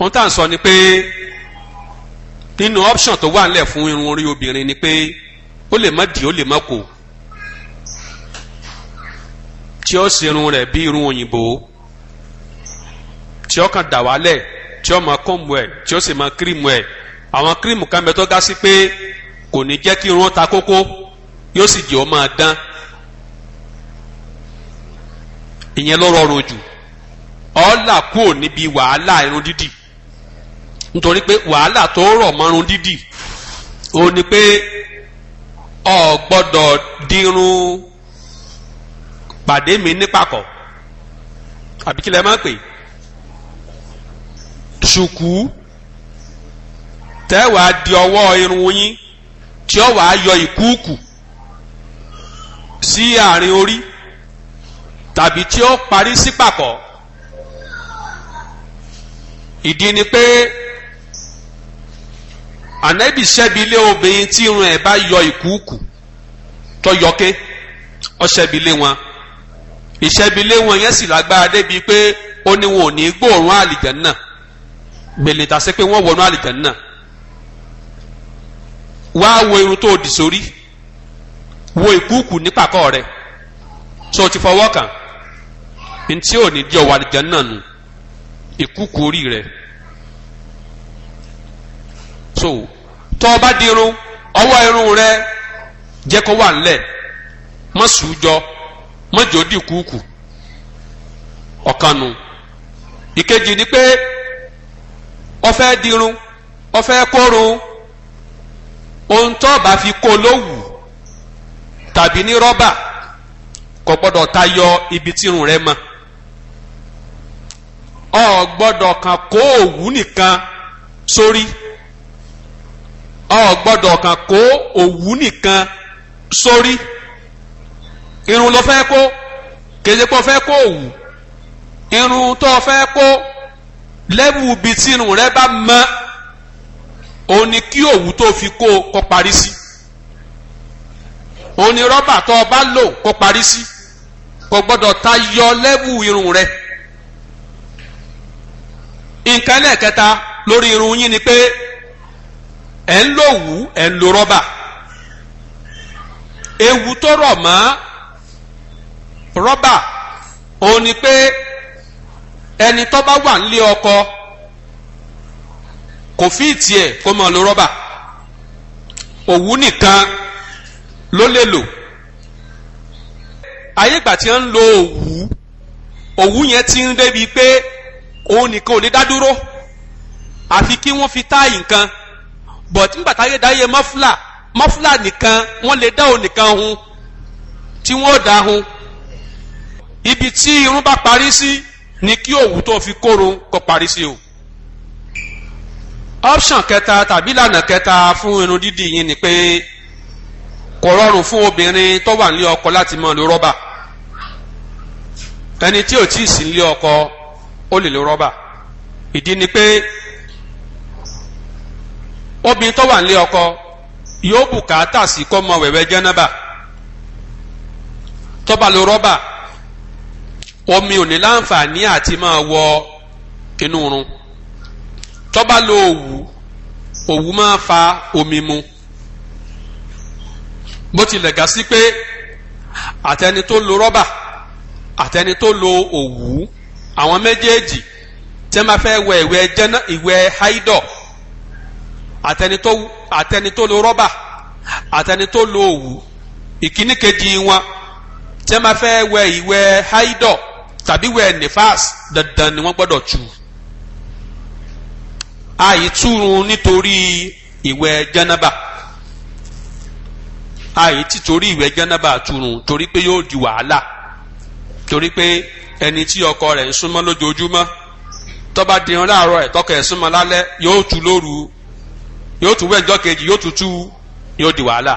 ohun tá à ń sọ ni pé nínú option tó wà nílẹ̀ fún irun orí obìnrin ni pé ó lè má dì ó lè má kò tí ó ṣerun rẹ̀ bí irun òyìnbó tí ó kàn dà wálẹ̀ tí ó máa kọ́mù ẹ̀ tí ó sì máa kírìmù ẹ̀ àwọn kírìmù kan bẹ tó ga sí pé kò ní jẹ́ kí irun ta kókó yóò sì jẹ́ ó máa dán ìyẹn ló rọrùn jù ọ́ là kúò níbi wàhálà irun dídì nítorí pé wàhálà tó rọ̀ mọ́run dídì ó ní pé ọ gbọ́dọ̀ dírun pàdé mi nípàkọ́ àbí kí lẹ máa pè ṣùkú tẹ́wàá di ọwọ́ irun yín tí ó wàá yọ ìkúùkù sí àárín orí tàbí tí ó parí sí ìdí ni pé ànábì ṣẹ́bi ilé obìnrin tí irun ẹ̀ bá yọ ìkúùkù tó yọké ó ṣẹ́bi ilé wọn ìṣẹ́bi ilé wọn yẹn sì lágbára débi pé ó ní wọn ò ní gbóòórùn àlìjànnà gbèlè tàṣe pé wọ́n wọnú àlìjànnà wá wo irun tó dì sórí wo ìkúùkù ní pàkọ́ rẹ̀ tó o ti fọwọ́ kàn ntí ò ní jẹ́ wàlìjẹ́ náà nù ìkúùkù orí rẹ̀ so tó o ọwọ dirun irun rẹ jẹ kó wà nílẹ̀ má sùújọ má ikeji kúkú ọfẹ ìkejì ni pé dirun ọfẹ fẹ́ ohun tó fi kó lówù tàbí ní rọba kò gbọ́dọ̀ tayọ ibi tírun rẹ ma ọ gbọdọ kan kó òwú nìkan sórí. So ọ gbọ́dọ̀ kàn kó òwú nìkan sórí irun ló fẹ́ kó kéde pé ó fẹ́ kó òwú irun tó fẹ́ kó lẹ́bù ibi tí irun rẹ bá mọ òun ni kí òwú tó fi kó kó parí sí òun ni rọ́bà tó o bá lò kó parí sí kò gbọ́dọ̀ ta yọ lẹ́bù irun rẹ nǹkan lẹ́ẹ̀kẹta lórí irun yín ni pé ẹ̀ ń lo òwú ẹ̀ ń lo rọ́bà ewu tó rọ̀ mọ́ rọ́bà òun ni pé ẹni tó bá wà nílé ọkọ kò fi tiẹ̀ kó máa lo rọ́bà òwú nìkan ló lè lò ayégbà tí ń lo òwú òwú yẹn ti ń débi pé òun nìkan ò lè dá àfi kí wọ́n fi táì nǹkan but nígbà táyé dáyé mọ́fúlà mọ́fúlà nìkan wọ́n lè dá òun nìkan hun tí wọ́n dá hun ibi tí irun bá parí sí ni kí òwú tó fi kórun kó parí sí o option kẹta tàbí ìlànà kẹta fún irun dídì yín ni pé kò rọrùn fún obìnrin tó wà nílé ọkọ láti máa lo rọ́bà ẹni tí ò tí ì sí nílé ọkọ ó lè lo rọ́bà ìdí ni pé obìnrin tó wà nílé ọkọ yóò bùkátà sí kó mọ wẹ̀wẹ̀ jẹ́nàbà tó bá lo rọ́bà omi ò ní láǹfààní àti máa wọ inú run tó bá lo òwú òwú máa fa omi mu bó tilẹ̀ ga sí pé àtẹni tó lo rọ́bà àtẹni tó lo òwú àwọn méjèèjì tẹ́ máa fẹ́ wẹ̀ ìwẹ̀ haidọ̀ àtẹnitó àtẹnitó lo rọ́bà àtẹnitó lo òwú ìkíní kejì wọn tí wọ́n bá fẹ́ wẹ ìwẹ̀ haidọ̀ tàbí wẹ nifas dandan ni wọ́n gbọ́dọ̀ tù àìtúrun nítorí ìwẹ̀ jẹ́nàbà àìtí torí ìwẹ̀ jẹ́nàbà túrun torí pé yóò di wàhálà torí pé ẹni tí ọkọ rẹ̀ ń súnmọ́ lójoojúmọ́ tó bá dirun láàárọ̀ ẹ̀ tọkọ ẹ̀ súnmọ́ lálẹ́ yóò tù lóru yóò tún wẹ̀ ńjọ́ kejì yóò tún tú yóò di wàhálà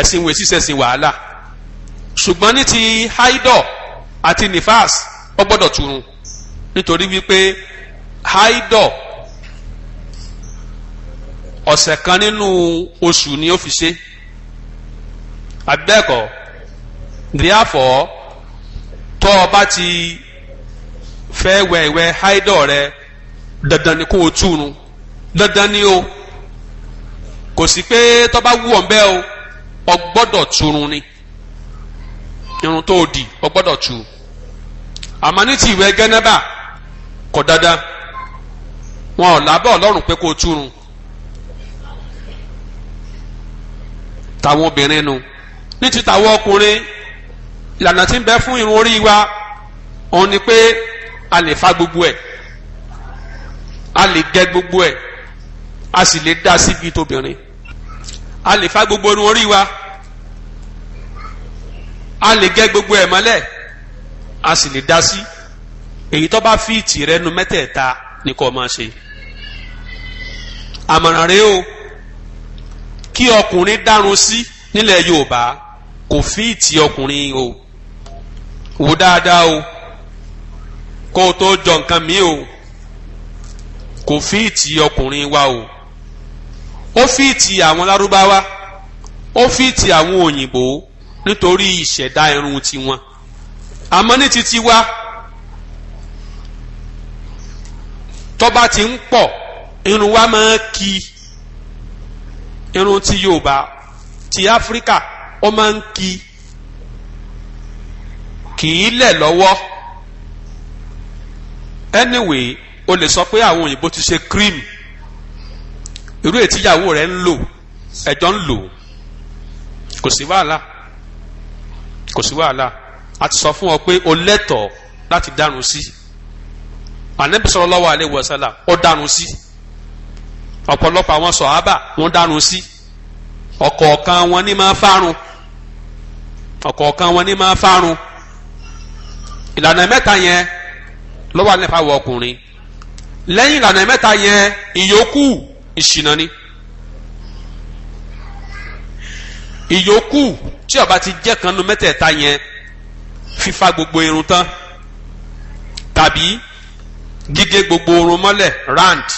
ẹ̀sìn wẹ̀ sísẹ̀ sí wàhálà ṣùgbọ́n ní ti haidọ̀ àti nifas ó gbọ́dọ̀ túrun nítorí wípé haidọ̀ ọ̀sẹ̀ kan nínú oṣù ni ó fi ṣe àbẹ́ẹ̀kọ́ therefore tọ́ ọ bá ti fẹ́ wẹ̀wẹ̀ haidọ̀ rẹ dandan ni kó o túnu dandan ni o kò sí pé tó bá wù bẹ́ẹ̀ o ọ gbọ́dọ̀ túnu ni irun tó o dì ọ gbọ́dọ̀ tú àmọ́ ní ti ìwẹ̀ gẹ́nẹ́bà kò dandan wọn ò lábẹ́ ọlọ́run pé kó o túnu tàwọn obìnrin nu ní ti tàwọn ọkùnrin ìlànà tí ń bẹ fún irun orí wa òun ni pé a lè fa gbogbo ẹ̀ a lè gẹ gbogbo ẹ̀ a sì lè dá síbi tóbìnrin a lè fa gbogbo irun orí wa a lè gẹ gbogbo ẹ̀ mọ́lẹ̀ a sì lè dá sí èyí tó bá fi ìtì rẹ nu mẹ́tẹ̀ẹ̀ta ni kò máa ṣe àmọ̀ràn rẹ o kí ọkùnrin dárun sí nílẹ̀ Yorùbá kò fi ìtì ọkùnrin o wò dáadáa o kó o tó jọ nǹkan mi o kò fíìtì ọkùnrin wa o ó fíìtì àwọn lárúbáwá ó fíìtì àwọn òyìnbó nítorí ìṣẹ̀dá irun tiwọn àmọ́ ní titi wa tọ́ba ti ń pọ̀ irun wa máa ki irun ti Yorùbá ti Áfíríkà ó máa ń ki kì í lẹ̀ lọ́wọ́ anyway o lè sọ pé àwọn òyìnbó ti ṣe cream irú ètí ìyàwó rẹ ń lò ẹjọ ń lò kò sí wàhálà kò sí wàhálà a ti sọ fún ọ pé o lẹ́tọ̀ọ́ láti dárun sí Ànábì sallallahu alaihi wasallam ó dárun sí ọ̀pọ̀lọpọ̀ àwọn sọ̀hábà wọ́n dárun sí ọ̀kọ̀ọ̀kan wọn ní máa fárun ọ̀kọ̀ọ̀kan wọn ní máa fárun ìlànà mẹ́ta yẹn ló wà nípa ọkùnrin lẹ́yìn ìlànà mẹ́ta yẹn ìyókù ìṣìnà ni ìyókù tí ó bá ti jẹ́ kan nu mẹ́tẹ̀ẹ̀ta yẹn fífa gbogbo irun tán tàbí gígé gbogbo irun mọ́lẹ̀ rand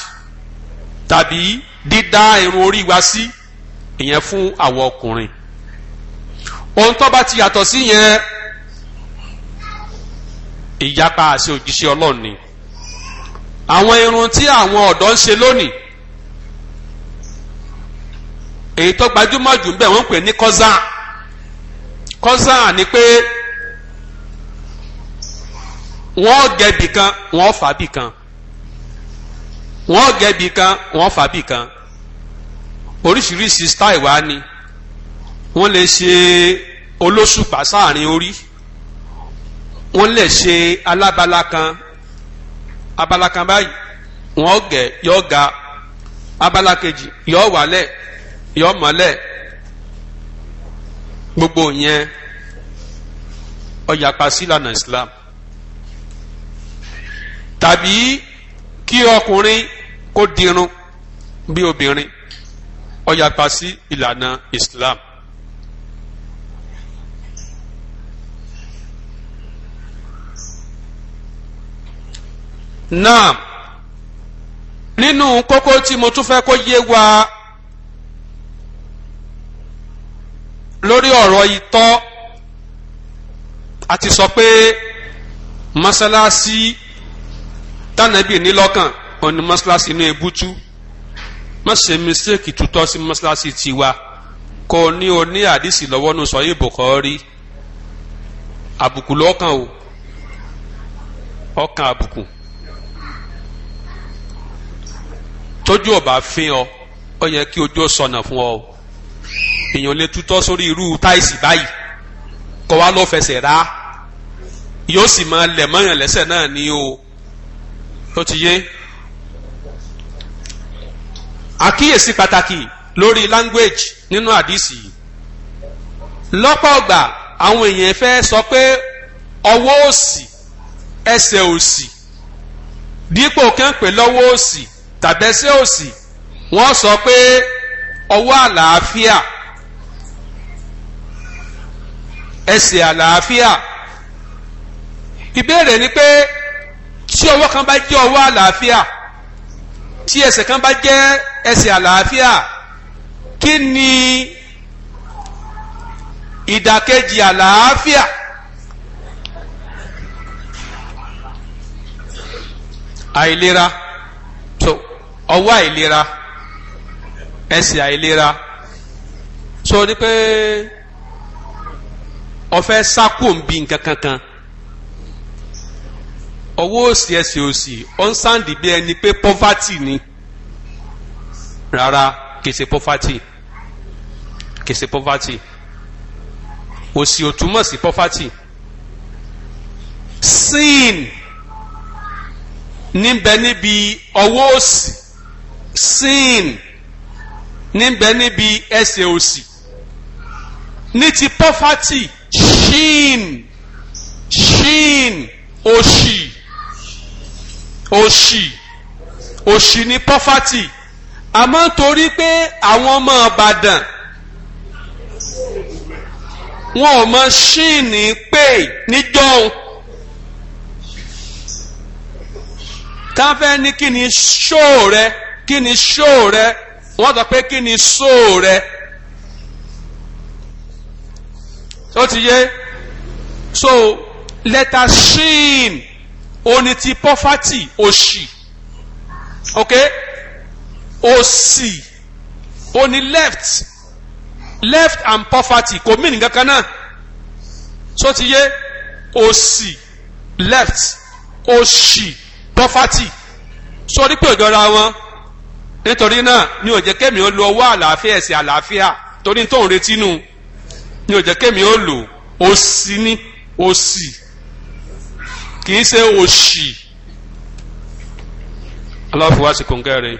tàbí dídá irun orí wa sí ìyẹn fún àwọn ọkùnrin ohun tó bá ti yàtọ̀ sí yẹn ìyapa àṣẹ òjíṣẹ́ Ọlọ́run àwọn irun tí àwọn ọ̀dọ́ ń ṣe lónìí èyí tó gbajúmọ̀ jù bẹ́ẹ̀ wọ́n ń pè ní kọ́sà kọ́sà ni pé wọ́n gẹ̀bì kan wọ́n fàbì kan wọ́n gẹ̀bì kan wọ́n fàbì kan oríṣiríṣi style wa ni wọ́n lè ṣe olóṣùpá sáàrin orí wọ́n lè ṣe alábala kan abala kan báyìí wọ́n gẹ̀ yọ ga abala kejì yọ wálẹ̀ yọ mọ́lẹ̀ gbogbo yẹn ọ̀yàpá sílànà Islam tàbí kí ọkùnrin kó dirun bí obìnrin ọ̀yàpá sí ìlànà Islam. náà nínú kókó tí mo tún fẹ́ kó yé wa lórí ọ̀rọ̀ itọ́ a ti sọ pé mọ́sálásí tànàbí nílọ́kàn òní mọ́sálásí inú ebútú má ṣe mistake tutọ́ sí mọ́sálásí tiwa kò ní o ní àdìsí lọ́wọ́ nù sọ yìí Bukhari àbùkù lọ́kàn o ọkàn àbùkù. tójú ọba fín ọ ó yẹ kí ojú sọnà fún ọ èèyàn lè tutọ́ sórí irú táìsì báyìí kọ wá lọ fẹsẹ̀ rà yóò sì máa lẹ̀ mọ́yàn lẹ́sẹ̀ náà ni o ó ti yé àkíyèsí pàtàkì lórí language nínú àdìsí lọ́pọ̀ ọgbà àwọn èèyàn fẹ́ sọ pé ọwọ́ òsì ẹsẹ̀ òsì dípò kẹ́ńpẹ́ lọ́wọ́ òsì tàbẹ́sẹ̀ òsì wọ́n sọ pé ọwọ́ àlàáfíà ẹsẹ̀ àlàáfíà ìbéèrè ni pé tí ọwọ́ kan bá jẹ́ ọwọ́ àlàáfíà tí ẹsẹ̀ kan bá jẹ́ ẹsẹ̀ àlàáfíà kí ni ìdàkejì àlàáfíà àìlera ọwọ́ àìlera ẹsẹ̀ àìlera so ni pé ọfẹ sáko ń bi nǹkan kankan ọwọ́ òsì ẹsẹ̀ òsì ọ̀nsáǹdì bí ẹni pé pọ́fàtì ni rárá kì í ṣe pọ́fàtì kì í ṣe pọ́fàtì òsì ò túmọ̀ sí pọ́fàtì sin níbẹ̀ níbi ọwọ́ òsì sin níbẹ̀ níbi ẹsẹ̀ òsì ní ti poverty shin shin òṣì òṣì òṣì ní poverty àmọ́ torí pé àwọn ọmọ Ìbàdàn wọn ò mọ shin pé níjọ́un. táfẹ́ ní kí ni ṣóò rẹ kí ni ṣó rẹ wọ́n sọ pé kí ni ṣó rẹ ó ti yé so lẹ́tà ṣíìn òní ti pọ́fátì òṣì ok òṣì òní left left and poverty kò mí nìkan kan náà so ti yé òṣì left òṣì poverty so ní pé òjọra wọn nítorí náà ni ò jẹ́ kẹ́mi ó lo ọwọ́ àlàáfíà ẹ̀sìn àlàáfíà torí tó ń retí nù ni ò jẹ́ kẹ́mi ó lò ó sì ní ó sì kì í ṣe òṣì aláfọwọ́ sí kòǹgẹ́rẹ́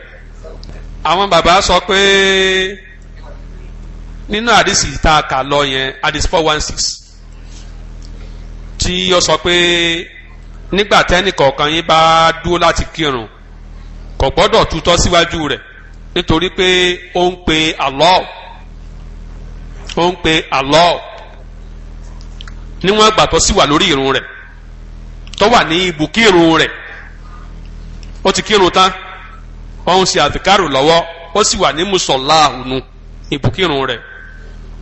àwọn bàbá sọ pé nínú àdìsí tá a kà lọ yẹn àdìsí four one six tí ó sọ pé nígbà tẹ́nì kọ̀ọ̀kan yín bá dúró láti kírun kò gbọ́dọ̀ tutọ́ síwájú rẹ̀ nítorí pé ó ń pe Allah ó ń pe Allah níwọ̀n ìgbà tó sì wà lórí irun rẹ̀ tó wà ní ibùkí irun rẹ̀ ó ti kírun tán ó ń ṣe àfikárò lọ́wọ́ ó sì wà ní mùsọ̀lá àhùnú ibùkírun rẹ̀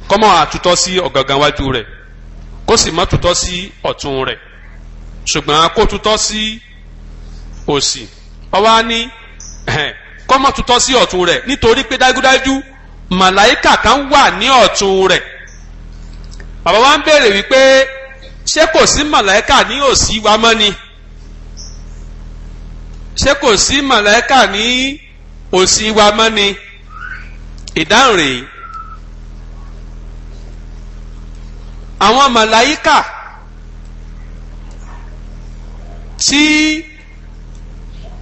kọ́mọ́ àtútọ́ sí ọ̀gángan wájú rẹ̀ kó sì má tutọ́ sí ọ̀tún rẹ̀ ṣùgbọ́n kó tutọ́ sí òsì ọwọ́ á ní kọ́mọ tutọ́ sí ọ̀tún rẹ̀ nítorí pé dájúdájú màláìkà kan wà ní ọ̀tún rẹ̀ bàbá wa ń béèrè wípé ṣé kò ni ṣé kò wa mọ́ ni ìdáhùn rèé àwọn màláìkà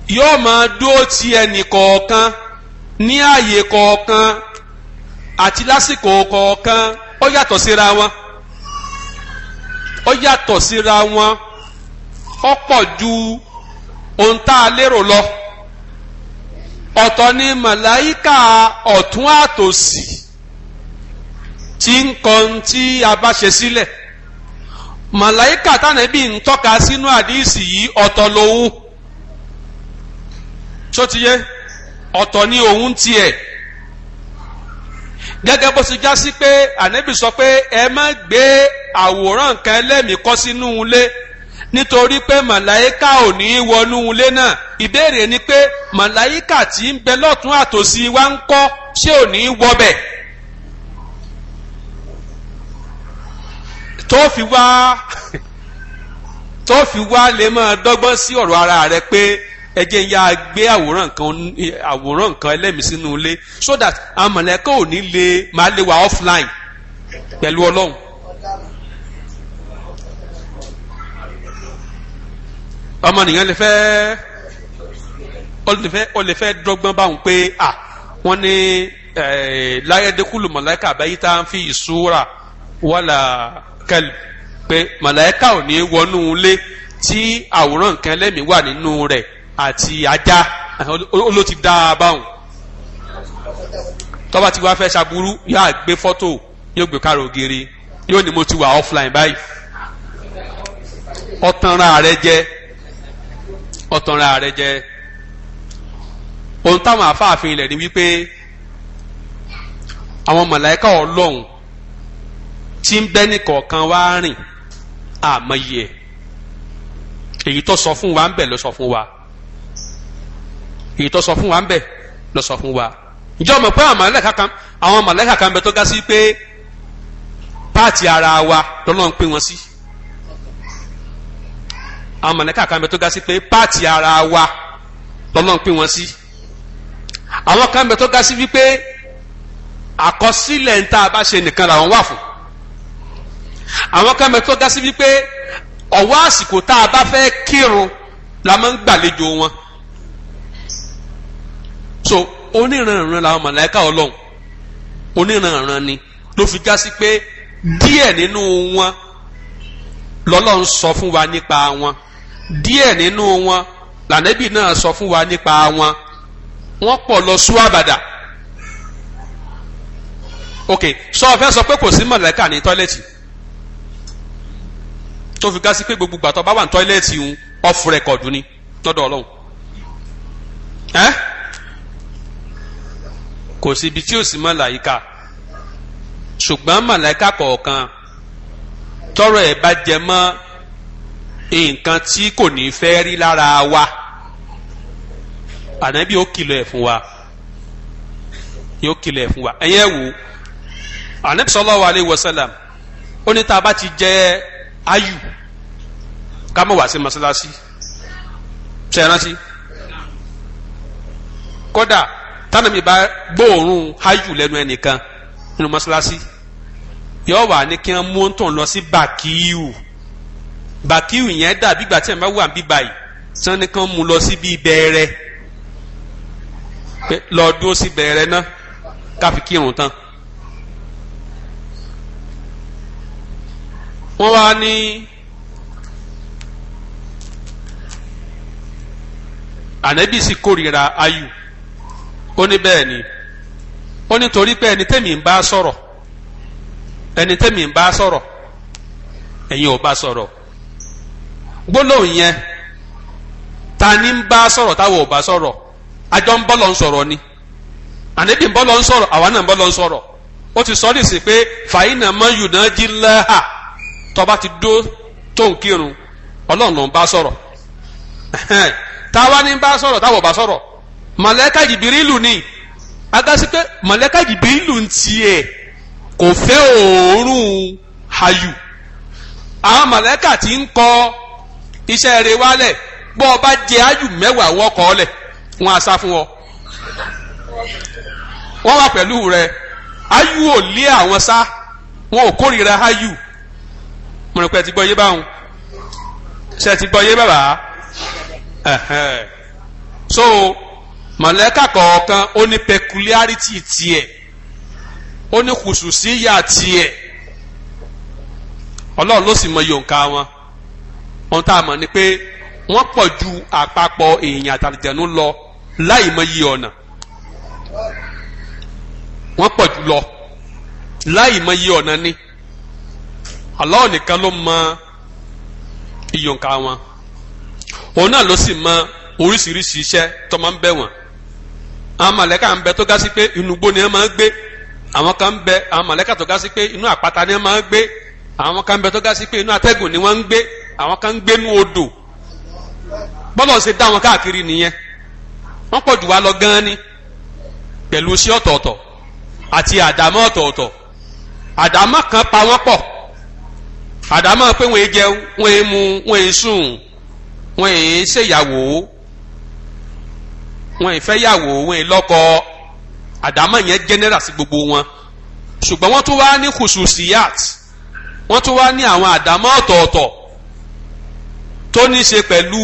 yóò máa dúró ti ẹnì kọ̀ọ̀kan ní ààyè kọ̀ọ̀kan àti lásìkò kọ̀ọ̀kan ó yàtọ̀ síra wọn ó yàtọ̀ síra wọn ó pọ̀ ju ohun tá a lérò lọ ọ̀tọ̀ ni màláíkà ọ̀tún àtòsì tí ń kan tí a bá ṣe sílẹ̀ màláíkà tánàbí ń tọ́ka sínú àdìsí yìí ọ̀tọ̀ lòun. sotiye ọtọ ni ohun ti gẹ́gẹ́ bó ti já sí pé ànábì sọ pé ẹ má gbé àwòrán nǹkan ẹlẹ́mìí kọ́ sínú ilé nítorí pé màláyíkà ò ní í wọnú ni pé màláyíkà tí ń bẹ lọ́tún àtòsí wa ń kọ́ ṣé ò ní í wọbẹ̀ tó fi wá tó fi wá lè máa ara rẹ pé ẹ jẹ́ ya gbé àwòrán kan àwòrán kan ẹlẹ́mìí sínú ilé so that àmọ̀lẹ́kọ̀ ò ní lè máa lè wà offline pẹ̀lú ọlọ́run. ọmọnìyàn lè fẹ́ ó lè fẹ́ dọ́gbọ́n báwọn pé à wọ́n ní láyédékùlù mọ̀láìkà àbáyé tá à ń fi ìṣúra wàlà kẹlù pé mọ̀láìkà ò ní wọnú ilé tí àwòrán nǹkan ẹlẹ́mìí wà nínú rẹ̀ àti ajá ló ti dá a báwọn tọ́ba tí wàá fẹ́ ṣàbúrú yóò gbé fọ́tò yóò gbé kárò ògiri yóò ní mo ti wà offline báyìí ọ̀tanra rẹ jẹ ọ̀tanra rẹ jẹ ohun táwọn àfáàfin ilẹ̀ ni wípé àwọn màláíkà ọlọ́run tí ń bẹ́ nìkọ̀ọ̀kan wá rìn àmọye èyí tó sọ fún wa ń bẹ̀ ló sọ fún wa èyí tó sọ fún wa ń bẹ lọ sọ fún wa ǹjẹ́ o mọ̀ pé àwọn màlẹ́kà kan àwọn màlẹ́kà kan bẹ tó ga sí pé páàtì ara wa lọ́nà ń pè wọ́n sí àwọn màlẹ́kà kan bẹ tó ga sí pé páàtì ara wa lọ́nà ń pè wọ́n sí àwọn kan bẹ tó ga sí wípé àkọsílẹ̀ ń bá ṣe nìkan làwọn wà fún àwọn kan bẹ tó ga sí wípé ọwọ́ àsìkò tá a bá fẹ́ kírun la máa ń gbàlejò wọn so oníranran làwọn màláíkà ọlọ́run oníranran ni ló fi já sí pé díẹ̀ nínú wọn lọ́lọ́run sọ fún wa nípa wọn díẹ̀ nínú wọn lànẹ́bì náà sọ fún wa nípa wọn wọ́n pọ̀ lọ sú àbàdà ok sọ ọ fẹ́ sọ pé kò sí màláíkà ní tọ́lẹ́tì tó fi gásí pé gbogbo gbàtọ́ bá wà ní tọ́lẹ́tì ń ọ̀fù rẹ̀kọ̀dù ni lọ́dọ̀ ọlọ́run Eh? kò sí ibi tí ò sí màláìka ṣùgbọ́n màláìka kọ̀ọ̀kan tọrọ ẹ̀ bá jẹ mọ́ nǹkan tí kò ní fẹ́ rí lára wa ànábì ó kìlọ̀ ẹ̀ fún wa yóò kìlọ̀ ẹ̀ fún wa ẹ̀yẹ́ wò ànábì sallallahu alaihi wasallam ó ní tá a bá ti jẹ ayù ká mọ̀ wá sí mọ́sálásí ṣe é kódà tánàmì bá gbóòórùn ayù lẹ́nu ẹnìkan nínú mọ́ṣáláṣí yóò wà ní kí wọ́n mú tó ń lọ sí bàkíù bàkíù yẹn dàbí ìgbà tí ẹ̀ bá wà bíbá yìí tí wọ́n ní kí wọ́n mú lọ sí bíi bẹ̀rẹ̀ lọ dúró sí bẹ̀rẹ̀ náà káfi kírun tán. wọ́n wá ní ànábì sì kórìíra ayù. ó ní bẹ́ẹ̀ ni ó ní torí pé ẹni tẹ́mi ń bá sọ̀rọ̀ ẹni tẹ́mi ń bá sọ̀rọ̀ ẹ̀yin ò bá sọ̀rọ̀ gbólóhùn yẹn ta ni ń bá sọ̀rọ̀ táwọn ò bá sọ̀rọ̀ àjọ ń bọ́ lọ ń sọ̀rọ̀ ni ànábì ń bọ́ lọ ń sọ̀rọ̀ àwa náà ń bọ́ lọ ń sọ̀rọ̀ ó ti sọ́ọ́ dìsí pé fàyínà mọ́ yùnà jí lẹ́hà tọba ti dó tó ń kírun ọlọ́run ló ń bá sọ̀rọ̀ táwa ni ń bá sọ̀rọ̀ táwọn ò bá sọ̀rọ̀ mọ̀lẹ́kà jìbìrìlù ni agasi pé mọ̀lẹ́kà jìbìrìlù ń kò fẹ́ òórùn hayù àwọn mọ̀lẹ́kà ti ń kọ iṣẹ́ rẹ̀ wálẹ̀ bọ́ ọ bá jẹ mẹ́wàá wọn a sá fún ọ wà ò lé àwọn sá mọ̀lẹ́kà kọ̀ọ̀kan ó ní peculiarity tiẹ̀ ó ní kùsùsíyà tiẹ̀ ọlọ́run ló sì mọ yòǹkà wọn ohun tá a mọ̀ ni pé wọ́n pọ̀ ju àpapọ̀ èèyàn àtàlìjẹ̀nu lọ láì mọ iye ọ̀nà wọ́n pọ̀ jù lọ láì mọ iye ọ̀nà ni Allah nìkan ló mọ iyọ̀ǹkà wọn òun náà ló sì mọ oríṣiríṣi iṣẹ́ tó máa ń bẹ̀ wọ́n àwọn mọ̀lẹ́kà ń bẹ tó ga sí pé inú gbó ni wọ́n máa ń gbé àwọn kan ń bẹ àwọn mọ̀lẹ́kà tó ga sí pé inú àpáta ni wọ́n máa ń gbé àwọn kan ń bẹ tó ga sí pé inú atẹ́gùn ni wọ́n ń gbé àwọn kan ń gbé inú odò bọ́lọ̀ ṣe dá wọn káàkiri nìyẹn wọ́n pọ̀ jù wá lọ gan-an ni pẹ̀lú iṣẹ́ ọ̀tọ̀ọ̀tọ̀ àti àdámọ́ ọ̀tọ̀ọ̀tọ̀ àdámọ́ kan pa wọ́n pọ̀ àdámọ́ pé wọ́n e jẹun wọ́n e mu wọ́n e sùn wọ́n ṣèyàwó wọn ì fẹ́ yàwó wọn ì lọ́kọ àdámọ̀ yẹn general sí gbogbo wọn ṣùgbọ́n wọ́n tún wá ní kùsùsìyàt wọ́n tún wá ní àwọn àdámọ̀ ọ̀tọ̀ọ̀tọ̀ tó ní ṣe pẹ̀lú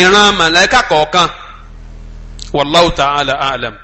ìran màláìkà kọ̀ọ̀kan wallahu ta'ala a'lam.